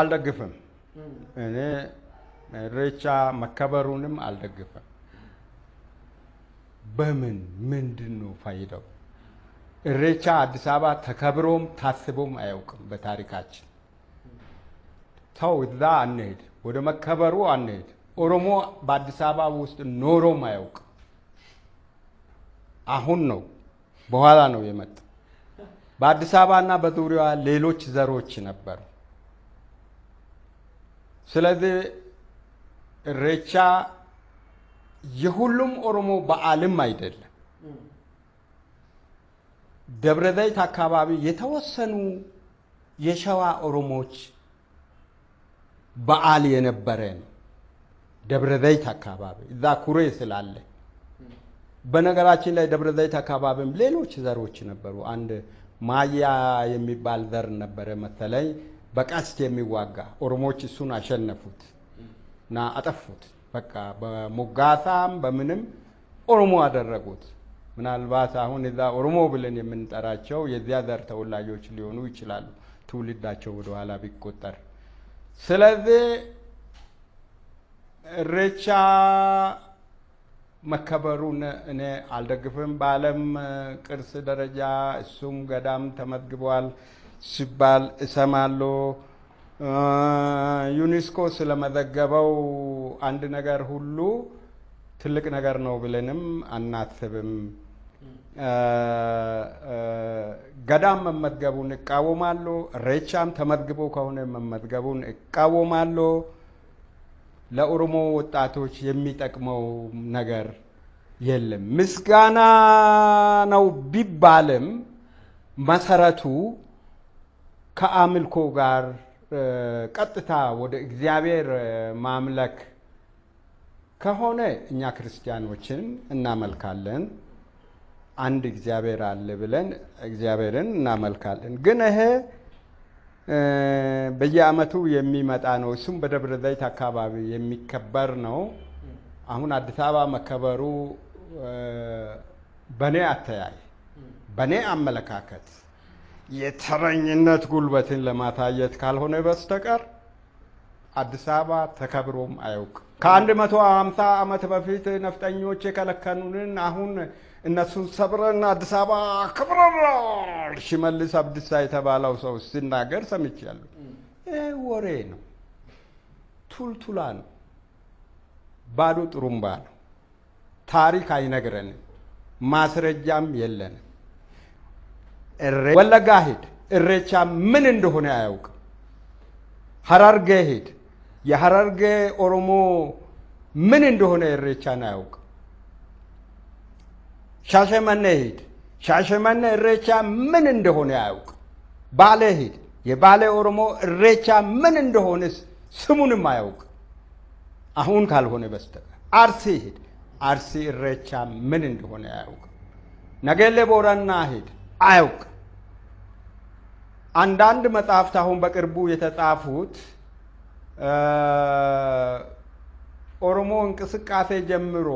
አልደግፍም። እኔ እሬቻ መከበሩንም አልደግፍም። በምን ምንድን ነው ፋይዳው? ኢሬቻ አዲስ አበባ ተከብሮም ታስቦም አያውቅም በታሪካችን። ተው እዛ አንሄድ፣ ወደ መከበሩ አንሄድ። ኦሮሞ በአዲስ አበባ ውስጥ ኖሮም አያውቅም። አሁን ነው በኋላ ነው የመጣ። በአዲስ አበባ እና በዙሪያዋ ሌሎች ዘሮች ነበሩ። ስለዚህ እሬቻ የሁሉም ኦሮሞ በዓልም አይደለም። ደብረ ዘይት አካባቢ የተወሰኑ የሸዋ ኦሮሞዎች በዓል የነበረ ነው። ደብረ ዘይት አካባቢ እዛ ኩሬ ስላለ በነገራችን ላይ ደብረ ዘይት አካባቢም ሌሎች ዘሮች ነበሩ። አንድ ማያ የሚባል ዘር ነበረ መሰለኝ በቀስት የሚዋጋ ኦሮሞዎች እሱን አሸነፉት እና አጠፉት። በቃ በሞጋታም በምንም ኦሮሞ አደረጉት። ምናልባት አሁን እዛ ኦሮሞ ብለን የምንጠራቸው የዚያ ዘር ተወላጆች ሊሆኑ ይችላሉ፣ ትውልዳቸው ወደኋላ ቢቆጠር። ስለዚህ እሬቻ መከበሩን እኔ አልደግፍም። በዓለም ቅርስ ደረጃ እሱም ገዳም ተመዝግበዋል። ሲባል እሰማሉ። ዩኒስኮ ስለመዘገበው አንድ ነገር ሁሉ ትልቅ ነገር ነው ብለንም አናስብም። ገዳም መመዝገቡን እቃወማሉ። ሬቻም ተመዝግቦ ከሆነ መመዝገቡን እቃወማሉ። ለኦሮሞ ወጣቶች የሚጠቅመው ነገር የለም። ምስጋና ነው ቢባልም መሰረቱ ከአምልኮ ጋር ቀጥታ ወደ እግዚአብሔር ማምለክ ከሆነ እኛ ክርስቲያኖችን እናመልካለን። አንድ እግዚአብሔር አለ ብለን እግዚአብሔርን እናመልካለን። ግን ይሄ በየዓመቱ የሚመጣ ነው። እሱም በደብረ ዘይት አካባቢ የሚከበር ነው። አሁን አዲስ አበባ መከበሩ በእኔ አተያይ፣ በእኔ አመለካከት የተረኝነት ጉልበትን ለማሳየት ካልሆነ በስተቀር አዲስ አበባ ተከብሮም አያውቅ። ከአንድ መቶ ሀምሳ ዓመት በፊት ነፍጠኞች የከለከኑንን አሁን እነሱን ሰብረን አዲስ አበባ አክብረናል ሽመልስ አብዲሳ የተባለው ሰው ሲናገር ሰምቻለሁ። ይህ ወሬ ነው፣ ቱልቱላ ነው፣ ባዶ ጥሩምባ ነው። ታሪክ አይነግረንም፣ ማስረጃም የለንም። ወለጋ እሬቻ ምን እንደሆነ አያውቅም። ሐራርጌ ሄድ የሀራርጌ ኦሮሞ ምን እንደሆነ እሬቻን አያውቅም። ሻሸመኔ ሂድ፣ ሻሸመኔ እሬቻ ምን እንደሆነ አያውቅም። ባሌ ሂድ፣ የባሌ ኦሮሞ እሬቻ ምን እንደሆነ ስሙንም አያውቅም። አሁን ካልሆነ በስተቀር አርሲ ሂድ፣ አርሲ እሬቻ ምን እንደሆነ አያውቅም። ነገሌ ቦረና ሂድ አያውቅ። አንዳንድ መጽሐፍት አሁን በቅርቡ የተጻፉት ኦሮሞ እንቅስቃሴ ጀምሮ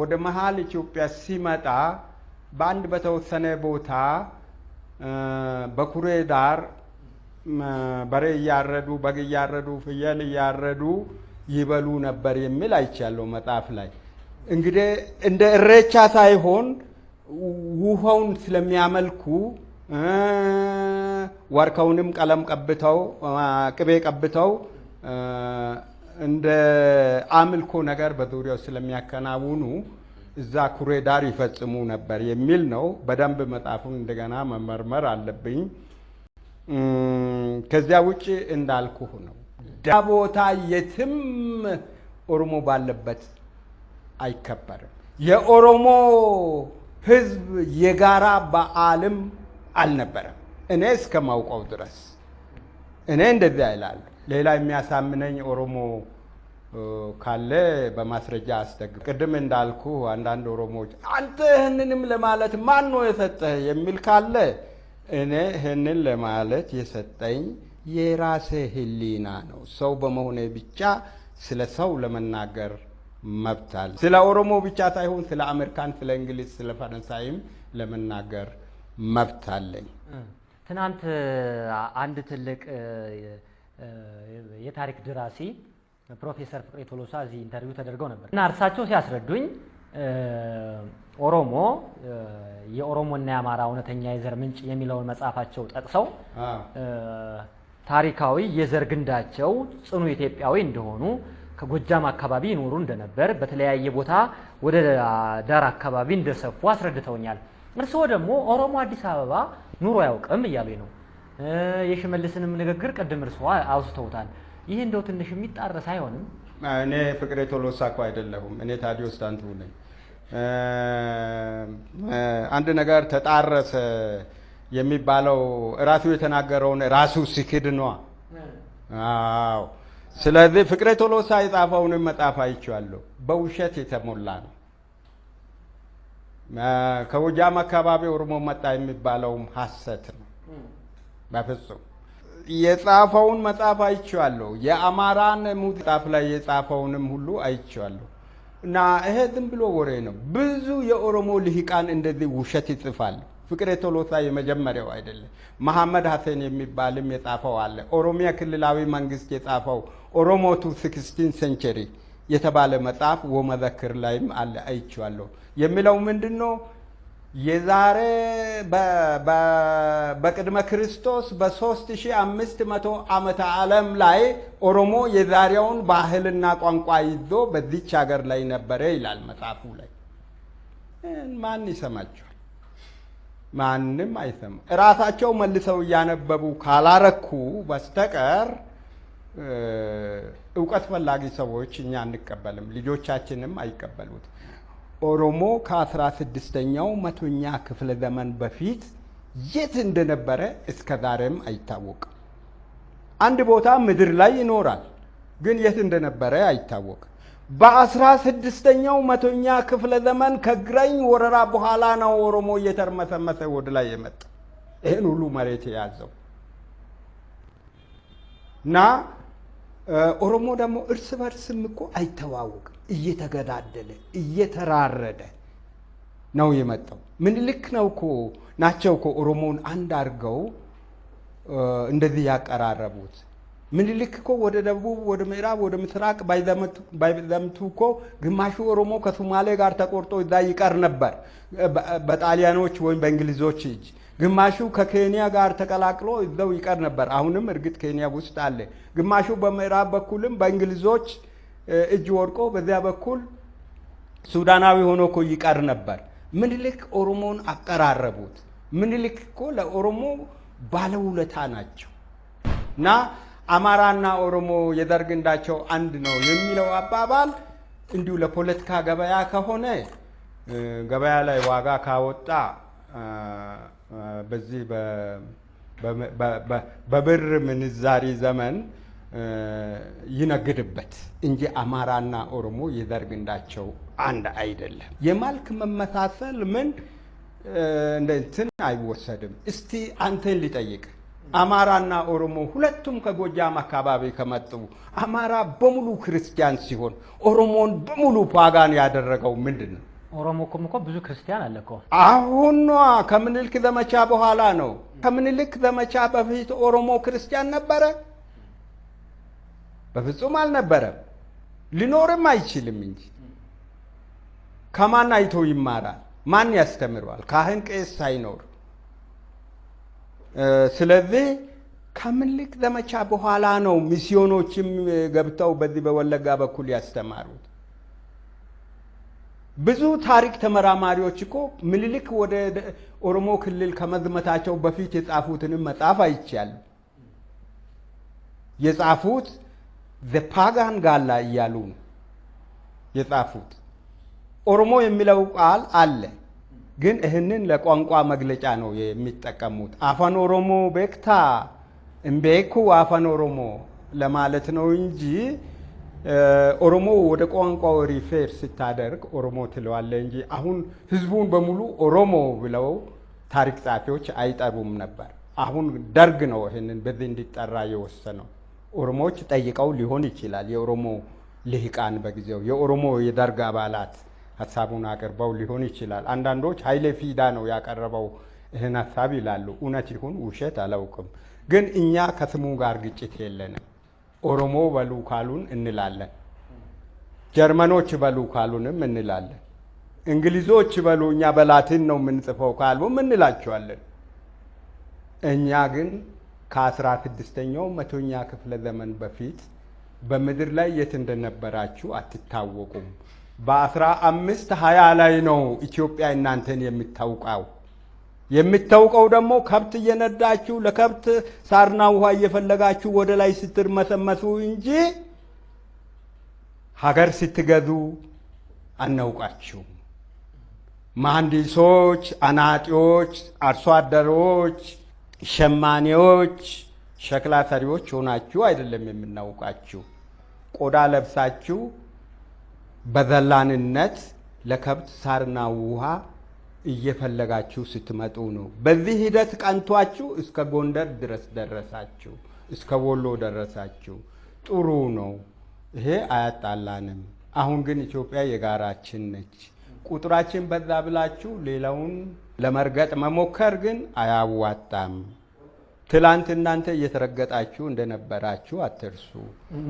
ወደ መሀል ኢትዮጵያ ሲመጣ በአንድ በተወሰነ ቦታ በኩሬ ዳር በሬ እያረዱ በግ እያረዱ ፍየል እያረዱ ይበሉ ነበር የሚል አይቻለሁ መጽሐፍ ላይ። እንግዲህ እንደ እሬቻ ሳይሆን ውሃውን ስለሚያመልኩ ዋርካውንም ቀለም ቀብተው ቅቤ ቀብተው እንደ አምልኮ ነገር በዙሪያው ስለሚያከናውኑ እዛ ኩሬ ዳር ይፈጽሙ ነበር የሚል ነው። በደንብ መጽሐፉን እንደገና መመርመር አለብኝ። ከዚያ ውጭ እንዳልኩህ ነው። ዳ ቦታ የትም ኦሮሞ ባለበት አይከበርም። የኦሮሞ ህዝብ የጋራ በዓልም አልነበረም። እኔ እስከማውቀው ድረስ እኔ እንደዚያ ይላል። ሌላ የሚያሳምነኝ ኦሮሞ ካለ በማስረጃ አስደግ ቅድም እንዳልኩ አንዳንድ ኦሮሞዎች አንተ ይህንንም ለማለት ማን ነው የሰጠህ የሚል ካለ እኔ ይህንን ለማለት የሰጠኝ የራሴ ህሊና ነው። ሰው በመሆኔ ብቻ ስለ ሰው ለመናገር መብት አለ። ስለ ኦሮሞ ብቻ ሳይሆን ስለ አሜሪካን፣ ስለ እንግሊዝ፣ ስለ ፈረንሳይም ለመናገር መብት አለኝ። ትናንት አንድ ትልቅ የታሪክ ደራሲ ፕሮፌሰር ፍቅሬ ቶሎሳ እዚህ ኢንተርቪው ተደርገው ነበር እና እርሳቸው ሲያስረዱኝ ኦሮሞ የኦሮሞና የአማራ እውነተኛ የዘር ምንጭ የሚለውን መጽሐፋቸው ጠቅሰው ታሪካዊ የዘር ግንዳቸው ጽኑ ኢትዮጵያዊ እንደሆኑ ከጎጃም አካባቢ ይኖሩ እንደነበር በተለያየ ቦታ ወደ ዳር አካባቢ እንደሰፉ አስረድተውኛል። እርስዎ ደግሞ ኦሮሞ አዲስ አበባ ኑሮ አያውቅም እያሉኝ ነው። የሽመልስንም ንግግር ቅድም እርስዎ አውስተውታል። ይህ እንደው ትንሽ የሚጣረስ አይሆንም? እኔ ፍቅሬ ቶሎሳ እኮ አይደለሁም። እኔ ታዲዮስ ዳንቱ ነኝ። አንድ ነገር ተጣረሰ የሚባለው እራሱ የተናገረውን ራሱ ሲክድ ነዋ። አዎ ስለዚህ ፍቅሬ ቶሎሳ የጻፈውንም መጽሐፍ አይቼዋለሁ። በውሸት የተሞላ ነው። ከጎጃም አካባቢ ኦሮሞ መጣ የሚባለውም ሐሰት ነው። በፍጹም የጻፈውን መጽሐፍ አይቼዋለሁ። የአማራን ጣፍ ላይ የጻፈውንም ሁሉ አይቼዋለሁ። እና ይሄ ዝም ብሎ ወሬ ነው። ብዙ የኦሮሞ ልሂቃን እንደዚህ ውሸት ይጽፋል። ፍቅሬ ቶሎሳ የመጀመሪያው አይደለም። መሐመድ ሀሰን የሚባልም የጻፈው አለ። ኦሮሚያ ክልላዊ መንግስት የጻፈው ቱ ሲክስቲን ሴንቸሪ የተባለ መጽሐፍ ወመዘክር ላይም አለ አይቼዋለሁ። የሚለው ምንድን ነው? የዛሬ በቅድመ ክርስቶስ በ 3500 ዓመተ ዓለም ላይ ኦሮሞ የዛሬውን ባህልና ቋንቋ ይዞ በዚች ሀገር ላይ ነበረ ይላል መጽሐፉ ላይ። ማን ይሰማቸው? ማንም አይሰማ። እራሳቸው መልሰው እያነበቡ ካላረኩ በስተቀር እውቀት ፈላጊ ሰዎች እኛ አንቀበልም፣ ልጆቻችንም አይቀበሉት። ኦሮሞ ከአስራ ስድስተኛው መቶኛ ክፍለ ዘመን በፊት የት እንደነበረ እስከ ዛሬም አይታወቅም። አንድ ቦታ ምድር ላይ ይኖራል፣ ግን የት እንደነበረ አይታወቅም። በአስራ ስድስተኛው መቶኛ ክፍለ ዘመን ከግራኝ ወረራ በኋላ ነው ኦሮሞ እየተርመሰመሰ ወደ ላይ የመጣ ይህን ሁሉ መሬት የያዘው እና ኦሮሞ ደግሞ እርስ በርስም እኮ አይተዋወቅም። እየተገዳደለ እየተራረደ ነው የመጣው። ልክ ነው እኮ ናቸው እኮ ኦሮሞውን አንድ አድርገው እንደዚህ ያቀራረቡት። ምኒልክ እኮ ወደ ደቡብ ወደ ምዕራብ ወደ ምስራቅ ባይዘምቱ እኮ ግማሹ ኦሮሞ ከሶማሌ ጋር ተቆርጦ እዛ ይቀር ነበር በጣሊያኖች ወይም በእንግሊዞች እጅ። ግማሹ ከኬንያ ጋር ተቀላቅሎ እዛው ይቀር ነበር። አሁንም እርግጥ ኬንያ ውስጥ አለ። ግማሹ በምዕራብ በኩልም በእንግሊዞች እጅ ወድቆ በዚያ በኩል ሱዳናዊ ሆኖ እኮ ይቀር ነበር። ምኒልክ ኦሮሞን አቀራረቡት። ምኒልክ እኮ ለኦሮሞ ባለውለታ ናቸው እና አማራና ኦሮሞ የዘር ግንዳቸው አንድ ነው የሚለው አባባል እንዲሁ ለፖለቲካ ገበያ ከሆነ ገበያ ላይ ዋጋ ካወጣ በዚህ በብር ምንዛሪ ዘመን ይነግድበት እንጂ አማራና ኦሮሞ የዘር ግንዳቸው አንድ አይደለም። የማልክ መመሳሰል ምን እንደ እንትን አይወሰድም። እስቲ አንተን ሊጠይቅ አማራና ኦሮሞ ሁለቱም ከጎጃም አካባቢ ከመጡ አማራ በሙሉ ክርስቲያን ሲሆን ኦሮሞን በሙሉ ፓጋን ያደረገው ምንድን ነው? ኦሮሞ እኮ ብዙ ክርስቲያን አለ እኮ። አሁን ከምኒልክ ዘመቻ በኋላ ነው። ከምኒልክ ዘመቻ በፊት ኦሮሞ ክርስቲያን ነበረ? በፍጹም አልነበረም። ሊኖርም አይችልም እንጂ ከማን አይቶ ይማራል? ማን ያስተምረዋል? ካህን ቄስ ሳይኖር ስለዚህ ከምኒልክ ዘመቻ በኋላ ነው ሚስዮኖችም ገብተው በዚህ በወለጋ በኩል ያስተማሩት። ብዙ ታሪክ ተመራማሪዎች እኮ ምኒልክ ወደ ኦሮሞ ክልል ከመዝመታቸው በፊት የጻፉትንም መጽሐፍ አይቻል የጻፉት ዘፓጋን ጋላ እያሉ ነው የጻፉት። ኦሮሞ የሚለው ቃል አለ ግን ይህንን ለቋንቋ መግለጫ ነው የሚጠቀሙት። አፋን ኦሮሞ ቤክታ እምቤኩ አፋን ኦሮሞ ለማለት ነው እንጂ ኦሮሞ ወደ ቋንቋ ሪፌር ስታደርግ ኦሮሞ ትለዋለ እንጂ አሁን ህዝቡን በሙሉ ኦሮሞ ብለው ታሪክ ጸሐፊዎች አይጠሩም ነበር። አሁን ደርግ ነው ይህንን በዚህ እንዲጠራ የወሰነው። ኦሮሞዎች ጠይቀው ሊሆን ይችላል። የኦሮሞ ልሂቃን በጊዜው የኦሮሞ የደርግ አባላት ሀሳቡን አቅርበው ሊሆን ይችላል። አንዳንዶች ኃይሌ ፊዳ ነው ያቀረበው ይህን ሀሳብ ይላሉ። እውነት ይሁን ውሸት አላውቅም። ግን እኛ ከስሙ ጋር ግጭት የለንም። ኦሮሞ በሉ ካሉን እንላለን። ጀርመኖች በሉ ካሉንም እንላለን። እንግሊዞች በሉ እኛ በላቲን ነው የምንጽፈው ካሉም እንላቸዋለን። እኛ ግን ከአስራ ስድስተኛው መቶኛ ክፍለ ዘመን በፊት በምድር ላይ የት እንደነበራችሁ አትታወቁም። በአስራ አምስት ሀያ ላይ ነው ኢትዮጵያ እናንተን የምታውቀው። የምታውቀው ደግሞ ከብት እየነዳችሁ ለከብት ሳርና ውሃ እየፈለጋችሁ ወደ ላይ ስትርመሰመሱ እንጂ ሀገር ስትገዙ አናውቃችሁ። መሐንዲሶች፣ አናጢዎች፣ አርሶ አደሮች፣ ሸማኔዎች፣ ሸክላ ሰሪዎች ሆናችሁ አይደለም የምናውቃችሁ። ቆዳ ለብሳችሁ በዘላንነት ለከብት ሳርና ውሃ እየፈለጋችሁ ስትመጡ ነው። በዚህ ሂደት ቀንቷችሁ እስከ ጎንደር ድረስ ደረሳችሁ፣ እስከ ወሎ ደረሳችሁ። ጥሩ ነው፣ ይሄ አያጣላንም። አሁን ግን ኢትዮጵያ የጋራችን ነች። ቁጥራችን በዛ ብላችሁ ሌላውን ለመርገጥ መሞከር ግን አያዋጣም። ትላንት እናንተ እየተረገጣችሁ እንደነበራችሁ አትርሱ።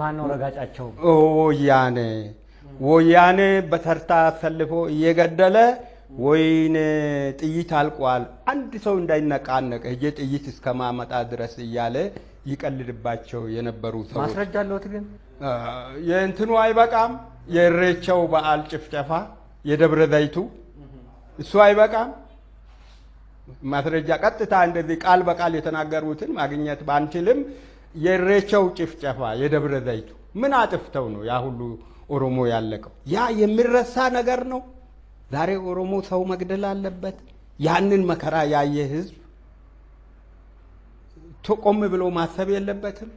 ማነው ረጋጫቸው? ያኔ ወያኔ በተርታ አሰልፎ እየገደለ ወይኔ ጥይት አልቋል፣ አንድ ሰው እንዳይነቃነቅ እጄ ጥይት እስከማመጣ ድረስ እያለ ይቀልድባቸው የነበሩ ሰዎች ማስረጃ አለሁት። ግን የእንትኑ አይበቃም፣ የእሬቻው በዓል ጭፍጨፋ የደብረ ዘይቱ እሱ አይበቃም። ማስረጃ ቀጥታ እንደዚህ ቃል በቃል የተናገሩትን ማግኘት ባንችልም የእሬቻው ጭፍጨፋ የደብረ ዘይቱ ምን አጥፍተው ነው ያ ሁሉ ኦሮሞ ያለቀው። ያ የሚረሳ ነገር ነው። ዛሬ ኦሮሞ ሰው መግደል አለበት። ያንን መከራ ያየ ህዝብ ቆም ብሎ ማሰብ የለበትም።